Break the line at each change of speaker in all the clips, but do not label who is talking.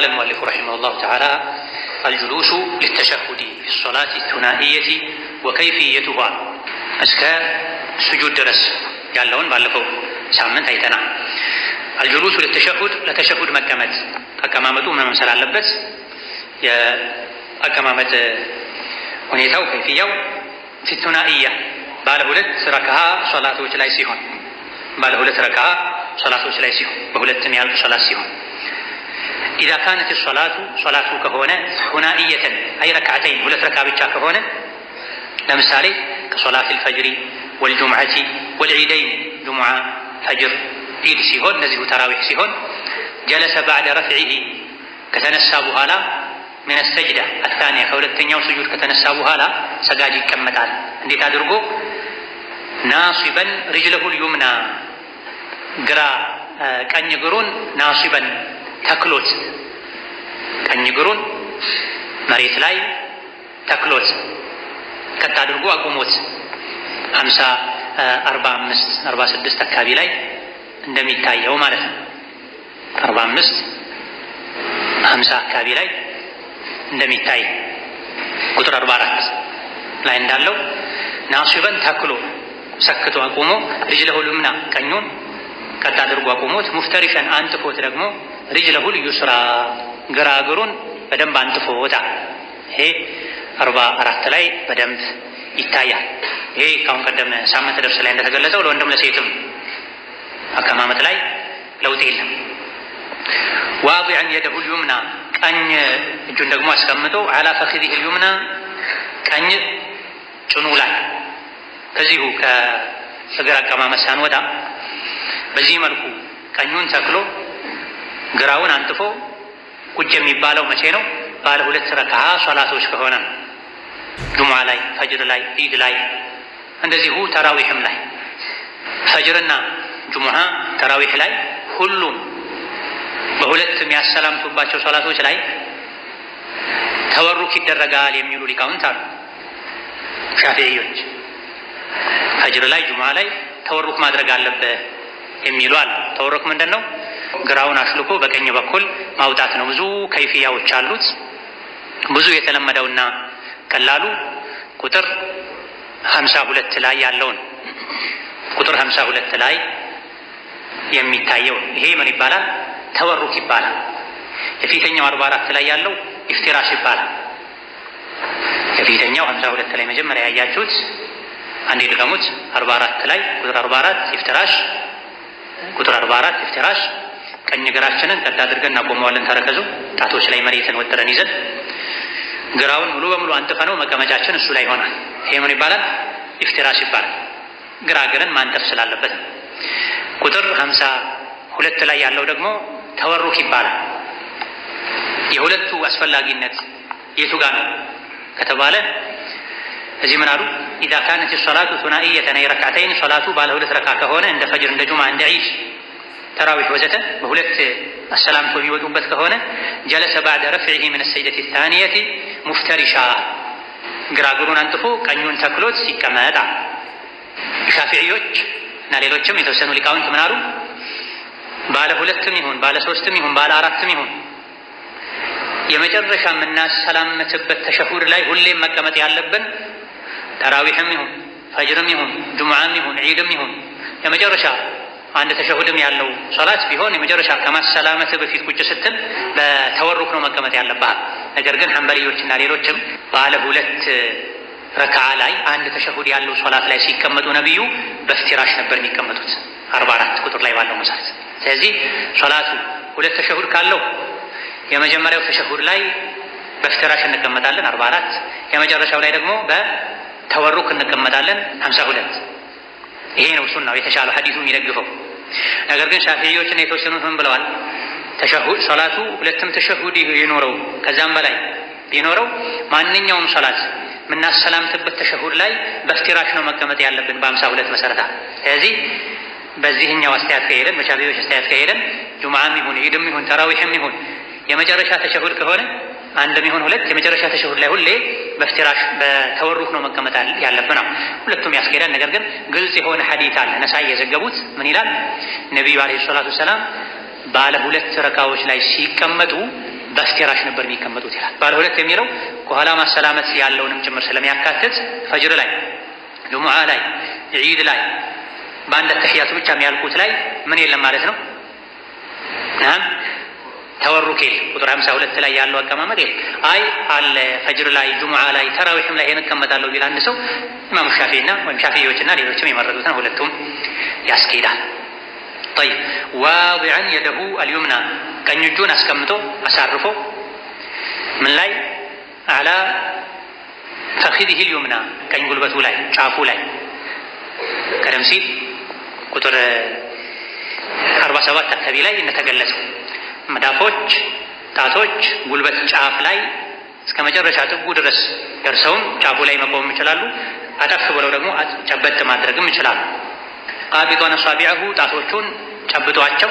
قال المؤلف رحمه الله تعالى الجلوس للتشهد في الصلاة الثنائية وكيفيتها أسكى سجود درس قال لهم بألفو سامن تايتنا الجلوس للتشهد لتشهد مكمت أكمامته من على اللبس يا أكمامت ونيتو كيفية في الثنائية بعد بالهولت ركها صلاة بعد بالهولت ركها صلاة وجلائسيهم بهولت تنيال صلاة سيهم ኢዛ ካነት ሶላቱ ሶላቱ ከሆነ ሁናኢየተን አይ ረክዓተይን ሁለት ረካ ብቻ ከሆነ ለምሳሌ ከሶላት ልፈጅሪ ወልጁምዓቲ ወልዒደይን ጁሙዓ፣ ፈጅር፣ ኢድ ሲሆን እነዚሁ ተራዊሕ ሲሆን ጀለሰ ባዕደ ረፍዒሂ ከተነሳ በኋላ ምን ሰጅዳ አታንያ ከሁለተኛው ስጁድ ከተነሳ በኋላ ሰጋጅ ይቀመጣል። እንዴት አድርጎ ናሲበን ሪጅለሁል ዩምና ግራ ቀኝ እግሩን ናሲበን ተክሎት ቀኝ እግሩን መሬት ላይ ተክሎት ቀጥ አድርጎ አቁሞት ሀምሳ አርባ አምስት አርባ ስድስት አካባቢ ላይ እንደሚታየው ማለት ነው። አርባ አምስት ሀምሳ አካባቢ ላይ እንደሚታይ ቁጥር አርባ አራት ላይ እንዳለው ናሱበን ተክሎ ሰክቶ አቁሞ ሪጅለሁ ልዩምና ቀኙን ቀጥ አድርጎ አቁሞት ሙፍተሪሸን አንጥፎት ደግሞ ሪጅለሁ ልዩ ስራ ግራ እግሩን በደንብ አንጥፎታ። ይሄ አርባ አራት ላይ በደንብ ይታያል። ይሄ ካሁን ቀደም ሳምንት ደርስ ላይ እንደተገለጸው ለወንድም ለሴትም አቀማመጥ ላይ ለውጥ የለም። ዋቢዐን የደሁ ልዩምና ቀኝ እጁን ደግሞ አስቀምጦ አላ ፈኪዲህ ልዩምና ቀኝ ጭኑ ላይ ከዚሁ ከእግር አቀማመጥ ሳንወጣ በዚህ መልኩ ቀኙን ተክሎ ግራውን አንጥፎ ቁጭ የሚባለው መቼ ነው? ባለ ሁለት ረክዓ ሶላቶች ከሆነ ነው። ጁሙዓ ላይ፣ ፈጅር ላይ፣ ኢድ ላይ እንደዚሁ ተራዊሕም ላይ ፈጅርና ጁሙዓ ተራዊሕ ላይ ሁሉም በሁለት የሚያሰላምቱባቸው ሶላቶች ላይ ተወሩክ ይደረጋል የሚሉ ሊቃውንት አሉ። ሻፊዒዮች ፈጅር ላይ፣ ጁሙዓ ላይ ተወሩክ ማድረግ አለበት የሚሉ አሉ። ተወሩክ ምንድን ነው? ግራውን አስልኮ በቀኝ በኩል ማውጣት ነው። ብዙ ከይፍያዎች አሉት። ብዙ የተለመደውና ቀላሉ ቁጥር ሀምሳ ሁለት ላይ ያለውን ቁጥር ሀምሳ ሁለት ላይ የሚታየው ይሄ ምን ይባላል? ተወሩክ ይባላል። የፊተኛው አርባ አራት ላይ ያለው ኢፍቲራሽ ይባላል። የፊተኛው ሀምሳ ሁለት ላይ መጀመሪያ ያያችሁት አንዴ ድገሙት። አርባ አራት ላይ ቁጥር አርባ አራት ኢፍቲራሽ ቁጥር አርባ አራት ኢፍቲራሽ ቀኝ እግራችንን ቀጥ አድርገን እናቆመዋለን። ተረከዙ ጣቶች ላይ መሬትን ወጥረን ይዘን ግራውን ሙሉ በሙሉ አንጥፈነው መቀመጫችን እሱ ላይ ይሆናል። ይሄ ምን ይባላል? ኢፍትራሽ ይባላል። ግራ እግርን ማንጠፍ ስላለበት። ቁጥር ሀምሳ ሁለት ላይ ያለው ደግሞ ተወሩክ ይባላል። የሁለቱ አስፈላጊነት የቱ ጋር ነው ከተባለ እዚህ ምን አሉ? ኢዛ ካነት ሶላቱ ቱናኢየተን ረካተይን ሶላቱ ባለ ሁለት ረካ ከሆነ እንደ ፈጅር እንደ ጁማ እንደ ዒድ ተራዊሕ ወዘተ በሁለት አሰላምቶ የሚወጡበት ከሆነ ጀለሰ ባዕደ ረፍዒሂ ምን ሰይደት ታንየቲ ሙፍተሪሻ ግራግሩን አንጥፎ ቀኙን ተክሎት ሲቀመጣ ሻፊዕዮች እና ሌሎችም የተወሰኑ ሊቃውንት ምናሉ ባለ ሁለትም ይሁን ባለ ሶስትም ይሁን ባለ አራትም ይሁን የመጨረሻ የምናሰላምትበት ተሸሁድ ላይ ሁሌም መቀመጥ ያለብን ተራዊሕም ይሁን ፈጅርም ይሁን ጅሙዓም ይሁን ዒድም ይሁን የመጨረሻ አንድ ተሸሁድም ያለው ሶላት ቢሆን የመጨረሻ ከማሰላመት በፊት ቁጭ ስትል በተወሩክ ነው መቀመጥ ያለብህ። ነገር ግን ሐንበልዮችና ሌሎችም ባለ ሁለት ረክዓ ላይ አንድ ተሸሁድ ያለው ሶላት ላይ ሲቀመጡ ነቢዩ በፍትራሽ ነበር የሚቀመጡት አርባ አራት ቁጥር ላይ ባለው መሰረት። ስለዚህ ሶላቱ ሁለት ተሸሁድ ካለው የመጀመሪያው ተሸሁድ ላይ በፍትራሽ እንቀመጣለን አርባ አራት የመጨረሻው ላይ ደግሞ በተወሩክ እንቀመጣለን ሀምሳ ሁለት ይሄ ነው ሱናው የተሻለው ሀዲሱ የሚደግፈው ነገር ግን ሻፊዮችና የተወሰኑት ምን ብለዋል? ተሸሁድ ሰላቱ ሁለትም ተሸሁድ ይኖረው ከዛም በላይ ቢኖረው ማንኛውም ሰላት የምናሰላምትበት ተሸሁድ ላይ በፍቲራሽ ነው መቀመጥ ያለብን በአምሳ ሁለት መሰረታ። ስለዚህ በዚህኛው አስተያየት ከሄደን በሻፊዎች አስተያየት ከሄደን ጁምዓም ይሁን ኢድም ይሁን ተራዊሕም ይሁን የመጨረሻ ተሸሁድ ከሆነ አንድም ይሁን ሁለት የመጨረሻ ተሸሁድ ላይ ሁሌ በፍትራሽ በተወሩክ ነው መቀመጥ ያለብ ነው። ሁለቱም ያስኬዳል። ነገር ግን ግልጽ የሆነ ሐዲት አለ። ነሳ የዘገቡት ምን ይላል? ነቢዩ ዓለይሂ ሰላቱ ወሰላም ባለ ሁለት ረካዎች ላይ ሲቀመጡ በፍትራሽ ነበር የሚቀመጡት ይላል። ባለ ሁለት የሚለው ከኋላ ማሰላመት ያለውንም ጭምር ስለሚያካትት ፈጅር ላይ፣ ጁሙዓ ላይ፣ ዒድ ላይ በአንድ ተሕያቱ ብቻ የሚያልቁት ላይ ምን የለም ማለት ነው። ተወሩክ የለም። ቁጥር ሀምሳ ሁለት ላይ ያለው አቀማመጥ የለም። አይ አለ ፈጅር ላይ ጁሙዓ ላይ ተራዊሕም ላይ እንቀመጣለሁ ቢል አንድ ሰው ኢማሙ ሻፊና ወይም ሻፊዎችና ሌሎችም የመረጡትን ሁለቱም ያስኬዳል። ጠይብ ዋዲዐን የደሁ አልዩምና ቀኝ እጁን አስቀምጦ አሳርፎ ምን ላይ አላ ፈኺድህ ልዩምና ቀኝ ጉልበቱ ላይ ጫፉ ላይ ቀደም ሲል ቁጥር አርባ ሰባት አካባቢ ላይ እንደተገለጸው መዳፎች፣ ጣቶች ጉልበት ጫፍ ላይ እስከ መጨረሻ ጥጉ ድረስ ደርሰውም ጫፉ ላይ መቆም ይችላሉ። አጠፍ ብለው ደግሞ ጨበጥ ማድረግም ይችላሉ። ቃቢጧን አሳቢዐሁ ጣቶቹን ጨብጧቸው፣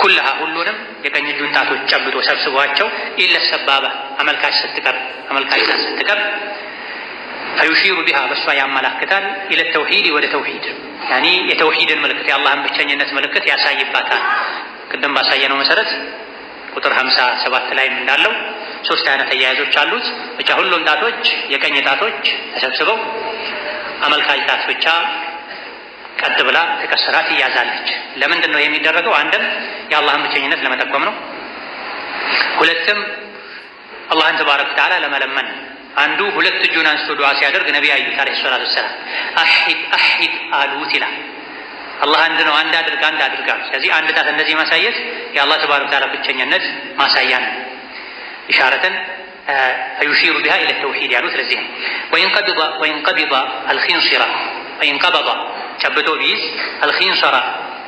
ኩልሃ ሁሉንም የቀኝ እጁን ጣቶች ጨብጦ ሰብስቧቸው፣ ኢለሰባበ ሰባባ አመልካች ስትቀር አመልካች ስትቀር ፈዩሺሩ ቢሃ በእሷ ያመላክታል። ኢለ ተውሂድ ወደ ተውሂድ ያኒ የተውሂድን ምልክት የአላህን ብቸኝነት ምልክት ያሳይባታል። ቅድም ባሳየነው መሰረት ቁጥር ሀምሳ ሰባት ላይም እንዳለው ሶስት አይነት አያያዞች አሉት። ብቻ ሁሉም ጣቶች የቀኝ ጣቶች ተሰብስበው አመልካች ጣት ብቻ ቀጥ ብላ ተቀስራ ትያዛለች። ለምንድን ነው የሚደረገው? አንድም የአላህን ብቸኝነት ለመጠቆም ነው። ሁለትም አላህን ተባረክ ተዓላ ለመለመን አንዱ ሁለት እጁን አንስቶ ዱዓ ሲያደርግ ነቢ አዩት አለይሂ ሰላቱ ወሰላም አሂድ አሂድ አሉት ይላል። አላህ አንድ ነው፣ አንድ አድርግ፣ አንድ አድርግ። ስለዚህ አንድ ጣት እንደዚህ ማሳየት የአላህ ተባረከ ተዓላ ብቸኝነት ማሳያ ነው። ኢሻረተን ፈዩሺሩ ቢሃ ኢለ ተውሂድ ያሉት ለዚህ ነው። ወይንቀቢዳ አልኺንሲራ ወይንቀበባ ጨብቶ ቢይዝ አልኺንሰራ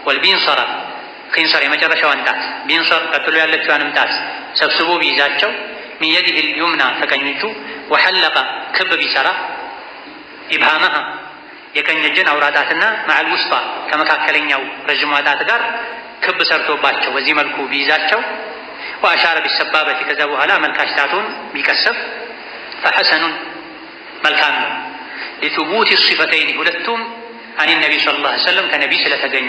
ወልቢንሰራ ኺንሰር የመጨረሻዋን ጣት ቢንሰር ቀጥሎ ያለችዋንም ጣት ሰብስቦ ቢይዛቸው ሚን የዲህ ልዩምና ተቀኝ እጁ ወሐለቀ ክብ ቢሰራ ኢብሃመሃ የቀኝ እጅን አውራ ጣትና ማዕል ውስጧ ከመካከለኛው ረዥሟ ጣት ጋር ክብ ሰርቶባቸው በዚህ መልኩ ቢይዛቸው ወአሻረ ቢሰባበት ከዛ በኋላ አመልካች ጣቱን ቢቀሰብ ፈሐሰኑን መልካም ነው። ሊቱቡት ሲፈተይን ሁለቱም አኒ ነቢ ስ ላ ሰለም ከነቢ ስለተገኙ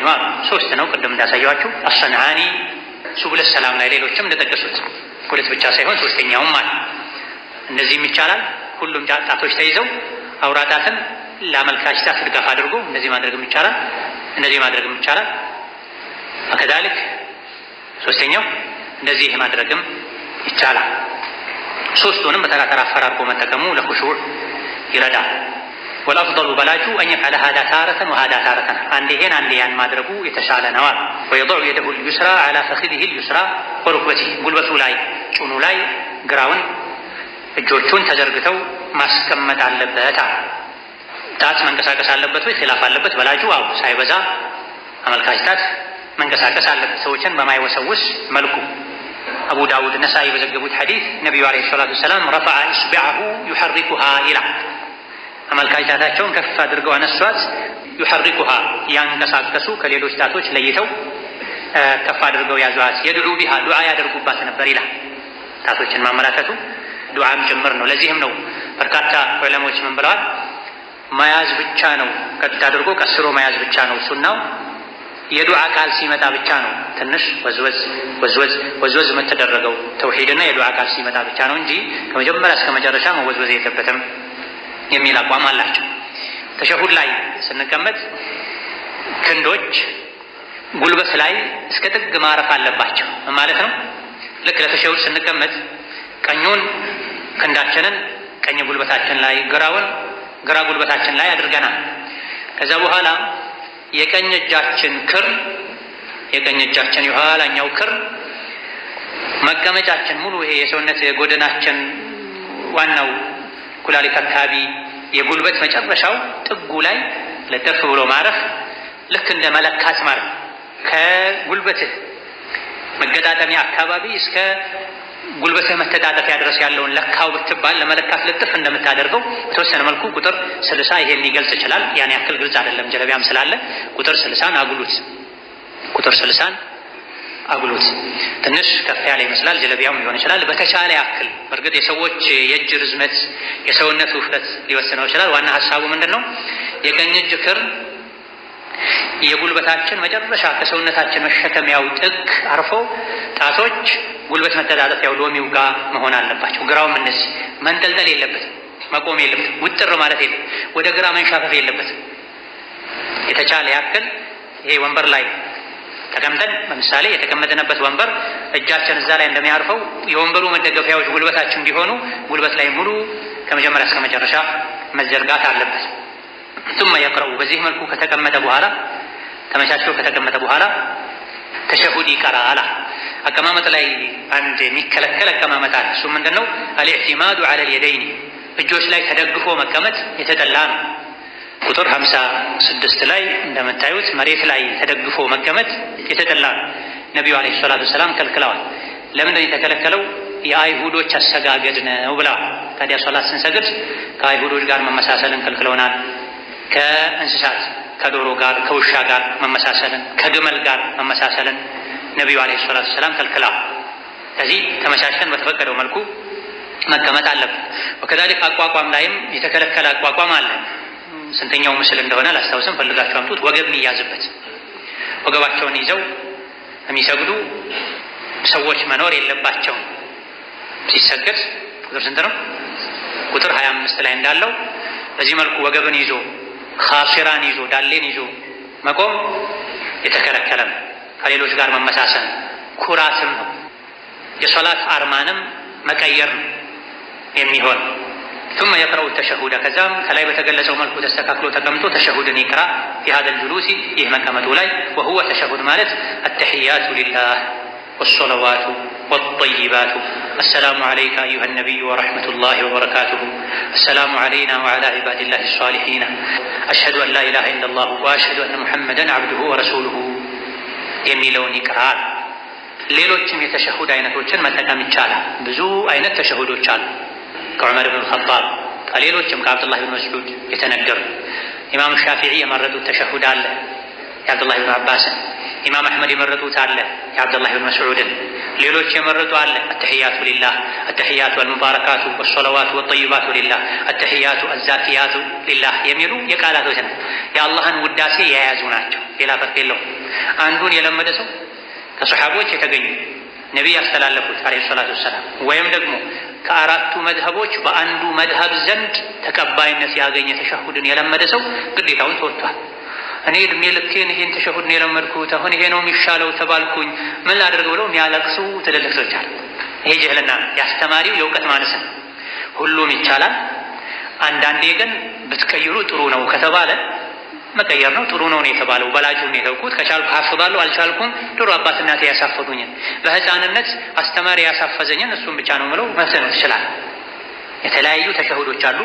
ሶስት ነው። ቅድም እንዳሳያችሁ አሰንዓኒ ሱቡለ ሰላም ላይ ሌሎችም እንደጠቀሱት ሁለት ብቻ ሳይሆን ሶስተኛውም አለ። እነዚህም ይቻላል። ሁሉም ጣቶች ተይዘው አውራ ጣትን ለአመልካች ጣት ድጋፍ አድርጎ እነዚህ ማድረግም ይቻላል፣ እነዚህ ማድረግም ይቻላል። ከዛልክ ሶስተኛው እንደዚህ ማድረግም ይቻላል። ሶስቱንም በተራ አፈራርቆ መጠቀሙ ለኹሹዕ ይረዳል። ወልአፍደሉ በላጩ አን የፍዐለ ሀዳ ታረተን ወሀዳ ታረተን አንድ ይሄን አንድ ያን ማድረጉ የተሻለ ነዋል። ወየደዑ የደሁ ልዩስራ ዐላ ፈኺዲሂ ልዩስራ ወሩክበቲ ጉልበቱ ላይ ጭኑ ላይ ግራውን እጆቹን ተዘርግተው ማስቀመጥ አለበት። ጣት መንቀሳቀስ አለበት ወይ? ኺላፍ አለበት። በላጩ አው ሳይበዛ አመልካች ጣት መንቀሳቀስ አለበት ሰዎችን በማይወሰውስ መልኩ። አቡ ዳውድ ነሳ በዘገቡት ሐዲስ ነቢዩ ዓለይሂ ሰላቱ ወሰላም ረፈዐ ኢስቢዐሁ ዩሐሪኩሃ ይላል። አመልካች ጣታቸውን ከፍ አድርገው አነሷት። ዩሐሪኩሃ ያንቀሳቀሱ ከሌሎች ጣቶች ለይተው ከፍ አድርገው ያዟት። የድዑ ቢሃ ዱዓ ያደርጉባት ነበር ይላል። ጣቶችን ማመላከቱ ዱዓም ጭምር ነው። ለዚህም ነው በርካታ ዑለሞች ምን ብለዋል መያዝ ብቻ ነው። ቀጥታ አድርጎ ቀስሮ መያዝ ብቻ ነው ሱናው። የዱዓ ቃል ሲመጣ ብቻ ነው ትንሽ ወዝወዝ ወዝወዝ ወዝወዝ የምትደረገው ተውሂድና የዱዓ ቃል ሲመጣ ብቻ ነው እንጂ ከመጀመሪያ እስከ መጨረሻ መወዝወዝ የለበትም የሚል አቋም አላቸው። ተሸሁድ ላይ ስንቀመጥ ክንዶች ጉልበት ላይ እስከ ጥግ ማረፍ አለባቸው ማለት ነው። ልክ ለተሸሁድ ስንቀመጥ ቀኙን ክንዳችንን ቀኝ ጉልበታችን ላይ ግራውን ግራ ጉልበታችን ላይ አድርገናል። ከዛ በኋላ የቀኝ እጃችን ክር የቀኝ እጃችን የኋላኛው ክር መቀመጫችን ሙሉ ይሄ የሰውነት የጎደናችን ዋናው ኩላሊት አካባቢ የጉልበት መጨረሻው ጥጉ ላይ ለጠፍ ብሎ ማረፍ ልክ እንደ መለካት ማለት ከጉልበትህ መገጣጠሚያ አካባቢ እስከ ጉልበትህ መተጣጠፊያ ድረስ ያለውን ለካው ብትባል ለመለካት ልጥፍ እንደምታደርገው በተወሰነ መልኩ ቁጥር ስልሳ ይሄን ሊገልጽ ይችላል። ያን ያክል ግልጽ አይደለም፣ ጀለቢያም ስላለ ቁጥር ስልሳን አጉሉት። ቁጥር ስልሳን አጉሉት ትንሽ ከፍ ያለ ይመስላል። ጀለቢያም ሊሆን ይችላል። በተቻለ ያክል በእርግጥ የሰዎች የእጅ ርዝመት የሰውነት ውፍረት ሊወስነው ይችላል። ዋና ሀሳቡ ምንድን ነው? የቀኝ እጅ ክር የጉልበታችን መጨረሻ ከሰውነታችን መሸከሚያው ጥግ አርፎ ጣቶች ጉልበት መተጣጠፊያው ሎሚው ጋር መሆን አለባቸው። ግራውም እነዚህ መንጠልጠል የለበትም፣ መቆም የለበትም፣ ውጥር ማለት የለም፣ ወደ ግራ መንሻፈፍ የለበትም። የተቻለ ያክል ይሄ ወንበር ላይ ተቀምጠን ለምሳሌ የተቀመጥንበት ወንበር እጃችን እዛ ላይ እንደሚያርፈው የወንበሩ መደገፊያዎች ጉልበታችን እንዲሆኑ ጉልበት ላይ ሙሉ ከመጀመሪያ እስከ መጨረሻ መዘርጋት አለበት። ثم يقرأ በዚህ መልኩ ከተቀመጠ በኋላ ተመቻችቶ ከተቀመጠ በኋላ ተሸሁድ ይቀራል። አቀማመጥ ላይ አንድ የሚከለከል አቀማመጥ አለ። እሱ ምንድን ነው? አልኢዕቲማዱ ዐለል የደይኒ እጆች ላይ ተደግፎ መቀመጥ የተጠላ ነው። ቁጥር ሀምሳ ስድስት ላይ እንደምታዩት መሬት ላይ ተደግፎ መቀመጥ የተጠላ ነው። ነቢዩ ዓለይሂ ሰላቱ ወሰላም ከልክለዋል። ለምንድን የተከለከለው? የአይሁዶች አሰጋገድ ነው ብለዋል። ታዲያ ሶላት ስንሰግድ ከአይሁዶች ጋር መመሳሰልን ከልክለውናል። ከእንስሳት ከዶሮ ጋር ከውሻ ጋር መመሳሰልን ከግመል ጋር መመሳሰልን ነቢዩ አለ ሰላት ሰላም ከልክላ። ከዚህ ተመሳሰን በተፈቀደው መልኩ መቀመጥ አለብን። ወከዛሊክ አቋቋም ላይም የተከለከለ አቋቋም አለ። ስንተኛው ምስል እንደሆነ ላስታውስም ፈልጋቸው አምጡት። ወገብ የሚያዝበት ወገባቸውን ይዘው የሚሰግዱ ሰዎች መኖር የለባቸውም። ሲሰገድ ቁጥር ስንት ነው? ቁጥር ሀያ አምስት ላይ እንዳለው በዚህ መልኩ ወገብን ይዞ ካሲራን ይዞ ዳሌን ይዞ መቆም የተከለከለ ነው። ከሌሎች ጋር መመሳሰል ኩራትም ነው። የሶላት አርማንም መቀየር ነው የሚሆን ثم يقرأ التشهد ከዛም ከላይ በተገለጸው መልኩ ተስተካክሎ ተቀምጦ ተሸሁድን ይቅራ የሀደ ልጁሉሲ ይህ መቀመጡ ላይ وهو ተሸሁድ ማለት التحيات ሊላህ ወሶለዋቱ ወጠይባቱ። السلام عليك أيها النبي ورحمة الله وبركاته السلام علينا وعلى عباد الله الصالحين أشهد أن لا إله إلا الله وأشهد أن محمدا عبده ورسوله يميلوني كعال ليلوتشم يتشهد أين توتشن مثلا من شالا بزو أين تشهد شالا كعمر بن الخطاب ليلوتشم كعبد الله بن مسعود يتنجر إمام الشافعية مرد التشهد على عبد الله بن عباس ኢማም አሕመድ የመረጡት አለ የአብደላህ ብን መስዑድን፣ ሌሎች የመረጡ አለ አተሕያቱ ሊላህ አተሕያቱ አልሙባረካቱ ወሰለዋቱ ወጠይባቱ ሊላህ አተሕያቱ አዛኪያቱ ሊላህ የሚሉ የቃላቶች ነው። የአላህን ውዳሴ የያዙ ናቸው። ሌላ ፈርቅ የለውም። አንዱን የለመደ ሰው ከሰሓቦች የተገኙ ነቢይ ያስተላለፉት ዓለይሂ ሰላቱ ወሰላም ወይም ደግሞ ከአራቱ መድሀቦች በአንዱ መድሀብ ዘንድ ተቀባይነት ያገኘ ተሸሁድን የለመደ ሰው ግዴታውን ተወጥቷል። እኔ እድሜ ልኬን ይሄን ተሸሁድ ነው የለመድኩት፣ አሁን ይሄ ነው የሚሻለው ተባልኩኝ፣ ምን ላደርግ ብለው የሚያለቅሱ ትልልቅ ሰዎች አሉ። ይሄ ጅህልና የአስተማሪው የእውቀት ማነስ ነው። ሁሉም ይቻላል። አንዳንዴ ግን ብትቀይሩ ጥሩ ነው ከተባለ መቀየር ነው። ጥሩ ነው የተባለው በላጁ ነው የተውኩት፣ ከቻልኩ ሀፍባለሁ፣ አልቻልኩም ድሮ አባት እናቴ ያሳፈዱኝን፣ በህፃንነት አስተማሪ ያሳፈዘኝን እሱም ብቻ ነው ምለው መፍትሄ ነው ትችላል። የተለያዩ ተሸሁዶች አሉ።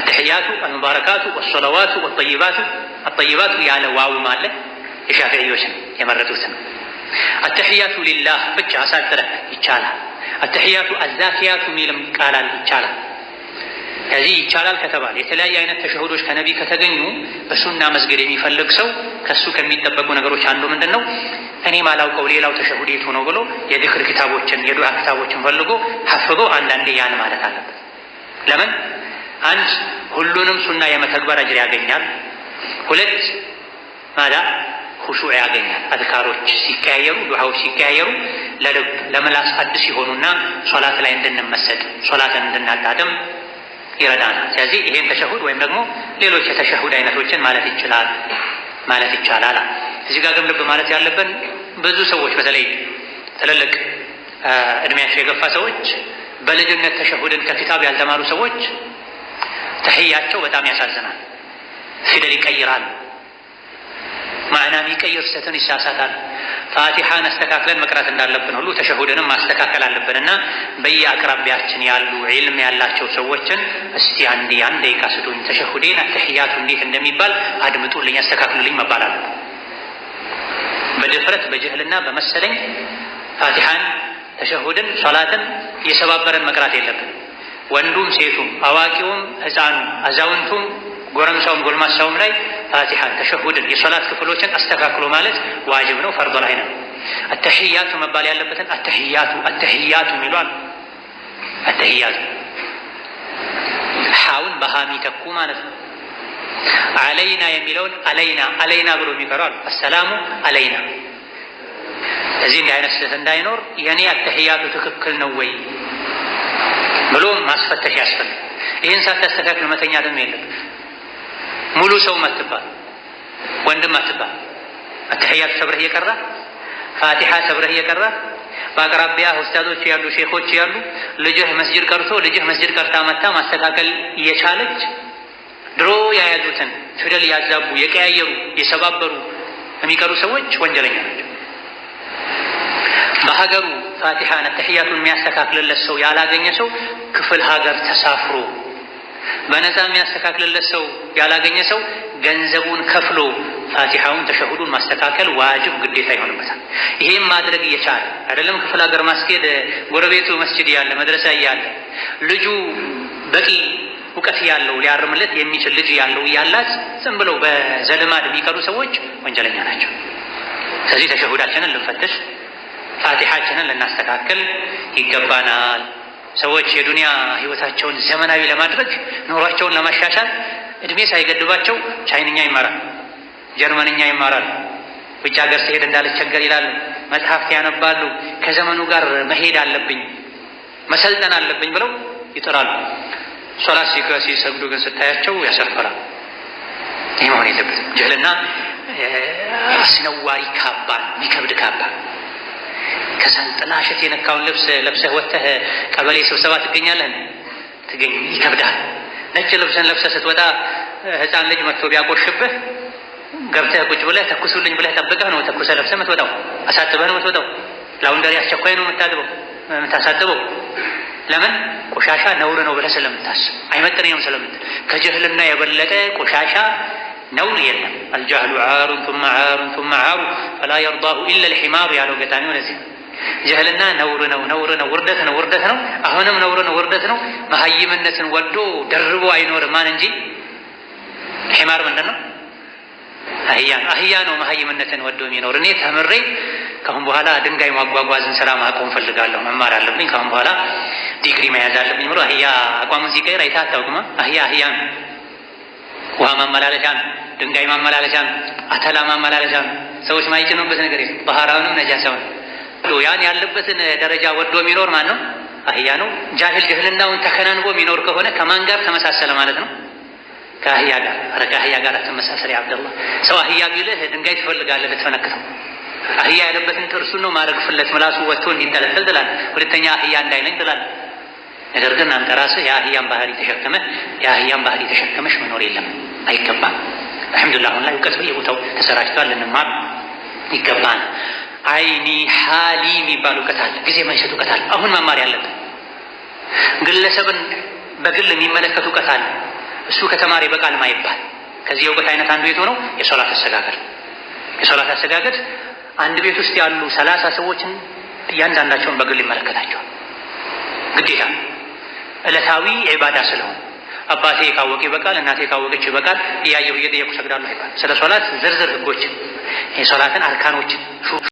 አትሕያቱ አልሙባረካቱ ወሰለዋቱ ወጠይባቱ አጠይባቱ ያለ ዋው ማለ የሻፊዕዮች ነው የመረጡት ነው። አተሕያቱ ሊላህ ብቻ አሳጥረህ ይቻላል። አተሕያቱ አዛኪያቱ ሚልም ቃላል ይቻላል። ከዚህ ይቻላል ከተባለ የተለያየ አይነት ተሸሁዶች ከነቢ ከተገኙ በሱና መስገድ የሚፈልግ ሰው ከሱ ከሚጠበቁ ነገሮች አንዱ ምንድን ነው? እኔ ማላውቀው ሌላው ተሸሁድ የቱ ነው ብሎ የዝክር ክታቦችን የዱዓ ኪታቦችን ፈልጎ ሀፍጎ አንዳንዴ ያን ማለት አለበት። ለምን አንድ ሁሉንም ሱና የመተግበር አጅር ያገኛል። ሁለት ማዳ ሁሹዕ ያገኛል። አዝካሮች ሲቀያየሩ፣ ዱዓዎች ሲቀያየሩ ለልብ ለመላስ አዲስ የሆኑና ሶላት ላይ እንድንመሰጥ ሶላትን እንድናጣጥም ይረዳናል። ስለዚህ ይሄን ተሸሁድ ወይም ደግሞ ሌሎች የተሸሁድ አይነቶችን ማለት ይችላል ማለት ይቻላል። እዚህ ጋር ግን ልብ ማለት ያለብን ብዙ ሰዎች በተለይ ትልልቅ እድሜያቸው የገፋ ሰዎች በልጅነት ተሸሁድን ከኪታብ ያልተማሩ ሰዎች ተህያቸው በጣም ያሳዝናል። ፊደል ይቀይራሉ፣ ማዕናም ይቀይር ስተትን ይሳሳታል። ፋቲሓን አስተካክለን መቅራት እንዳለብን ሁሉ ተሸሁድንም ማስተካከል አለብን እና በየአቅራቢያችን ያሉ ዒልም ያላቸው ሰዎችን እስቲ አንዴ አንድ ደቂቃ ስጡኝ፣ ተሸሁዴን ተሕያቱ እንዴት እንደሚባል አድምጡልኝ፣ አስተካክሉልኝ መባል አለ። በድፍረት በጅህልና በመሰለኝ ፋቲሓን ተሸሁድን ሶላትን እየሰባበረን መቅራት የለብን። ወንዱም ሴቱም አዋቂውም ህፃኑ አዛውንቱም ጎረምሳውም ጎልማሳውም ላይ ፋቲሓን ተሸሁድን የሶላት ክፍሎችን አስተካክሎ ማለት ዋጅብ ነው፣ ፈርዶ ላይ ነው። አተሕያቱ መባል ያለበትን አተሕያቱ አተሕያቱ ይሏል። አተሕያቱ ሓውን በሃሚ ተኩ ማለት ነው። አለይና የሚለውን አለይና አለይና ብሎ የሚቀረዋል። አሰላሙ አለይና። እዚህ እንዲህ አይነት ስህተት እንዳይኖር የእኔ አተሕያቱ ትክክል ነው ወይ ብሎ ማስፈተሽ ያስፈልግ። ይህን ሳታስተካክል መተኛ ደም የለም። ሙሉ ሰው አትባል፣ ወንድም አትባል። አተሕያቱ ሰብረህ እየቀራ ፋቲሓ ሰብረህ እየቀራ በአቅራቢያ ኡስታዞች ያሉ ሼኮች ያሉ ልጅህ መስጅድ ቀርቶ ልጅህ መስጅድ ቀርታ መታ ማስተካከል እየቻለች ድሮ ያያዙትን ፊደል ያዛቡ የቀያየሩ የሰባበሩ የሚቀሩ ሰዎች ወንጀለኛ ናቸው በሀገሩ ፋቲሓን ተሕያቱን የሚያስተካክልለት ሰው ያላገኘ ሰው ክፍል ሀገር ተሳፍሮ በነፃ የሚያስተካክልለት ሰው ያላገኘ ሰው ገንዘቡን ከፍሎ ፋቲሓውን ተሸሁዱን ማስተካከል ዋጅብ ግዴታ ይሆንበታል። ይሄም ማድረግ እየቻለ አይደለም ክፍል ሀገር ማስኬድ ጎረቤቱ መስጅድ ያለ መድረሳ እያለ ልጁ በቂ እውቀት ያለው ሊያርምለት የሚችል ልጅ ያለው እያላች ዝም ብለው በዘልማድ የሚቀሩ ሰዎች ወንጀለኛ ናቸው። ስለዚህ ተሸሁዳችንን ልንፈትሽ ፋቲሓችንን ልናስተካክል ይገባናል። ሰዎች የዱንያ ህይወታቸውን ዘመናዊ ለማድረግ ኑሯቸውን ለማሻሻል እድሜ ሳይገድባቸው ቻይንኛ ይማራል፣ ጀርመንኛ ይማራል፣ ውጭ ሀገር ሲሄድ እንዳልቸገር ይላሉ፣ መጽሐፍት ያነባሉ። ከዘመኑ ጋር መሄድ አለብኝ መሰልጠን አለብኝ ብለው ይጥራሉ። ሶላት ሲሰግዱ ግን ስታያቸው ያሰፈራል። ይህ መሆን የለበትም። ጅህልና አስነዋሪ ካባ፣ የሚከብድ ካባ ከሰል ጥላሸት የነካውን ልብስ ለብሰህ ወጥተህ ቀበሌ ስብሰባ ትገኛለህ? ትገኝ ይከብዳል። ነጭ ልብስን ለብሰህ ስትወጣ ህፃን ልጅ መጥቶ ቢያቆሽብህ ገብተህ ቁጭ ብለህ ተኩሱልኝ ብለህ ጠብቀህ ነው ተኩሰህ ለብሰህ የምትወጣው። አሳጥበህ ነው የምትወጣው። ላውንደሪ አስቸኳይ ነው የምታጥበው የምታሳጥበው። ለምን ቆሻሻ ነውር ነው ብለህ ስለምታስብ አይመጥነኝም ስለምትል። ከጀህልና የበለጠ ቆሻሻ ነውር የለም። አልጃህሉ ዓሩን ቱመ ዓሩን ቱመ ዓሩ ፈላ የርዳሁ ኢላ ልሒማሩ ያለው ገጣሚ ወደዚህ ጀህልና ነውር ነው፣ ነውር ነው፣ ውርደት ነው፣ ውርደት ነው፣ አሁንም ነውር ነው፣ ውርደት ነው። መሀይምነትን ወዶ ደርቦ አይኖር ማን እንጂ ሒማር ምንድን ነው? አህያ ነው፣ አህያ ነው። መሀይምነትን ወዶ የሚኖር እኔ ተምሬ ካሁን በኋላ ድንጋይ ማጓጓዝን ስራ ማቆም ፈልጋለሁ፣ መማር አለብኝ፣ ከአሁን በኋላ ዲግሪ መያዝ አለብኝ ብሎ አህያ አቋሙን ሲቀይር አይታ አታውቅማ። አህያ አህያ ነው። ውሃ ማመላለሻ ነው፣ ድንጋይ ማመላለሻ ነው፣ አተላ ማመላለሻ ነው። ሰዎች ማይጭኑበት ነገር የለም። ባህራውንም ነጃሳውን ያን ያለበትን ደረጃ ወዶ የሚኖር ማን ነው? አህያ ነው። ጃህል ጅህልናውን ተከናንቦ የሚኖር ከሆነ ከማን ጋር ተመሳሰለ ማለት ነው? ከአህያ ጋር። ኧረ ከአህያ ጋር ተመሳሰለ። አብደላ። ሰው አህያ ቢልህ ድንጋይ ትፈልጋለህ ልትፈነክተው። አህያ ያለበትን ጥርሱን ነው ማድረግ ፍለት ምላሱ ወጥቶ እንዲንጠለጠል ትላል። ሁለተኛ አህያ እንዳይለኝ ትላል። ነገር ግን አንተ ራስህ የአህያን ባህሪ ተሸክመህ የአህያን ባህሪ ተሸክመሽ መኖር የለም አይገባም። አልሐምዱሊላህ አሁን ላይ እውቀት በየቦታው ተሰራጭቷል። ልንማር ይገባል። አይኒ ሀሊ የሚባል እውቀት አለ፣ ጊዜ የማይሰጥ እውቀት አለ። አሁን መማር ያለብን ግለሰብን በግል የሚመለከት እውቀት አለ። እሱ ከተማሪ በቃል ማይባል ከዚህ የእውቀት አይነት አንዱ የት ነው? የሶላት አሰጋገድ የሶላት አሰጋገድ አንድ ቤት ውስጥ ያሉ ሰላሳ ሰዎችን እያንዳንዳቸውን በግል ይመለከታቸዋል። ግዴታ እለታዊ ዒባዳ ስለሆነ አባቴ የካወቀ ይበቃል፣ እናቴ የካወቀች ይበቃል፣ እያየሁ እየጠየቁ ሰግዳሉ ይባል። ስለ ሶላት ዝርዝር ህጎችን የሶላትን አርካኖችን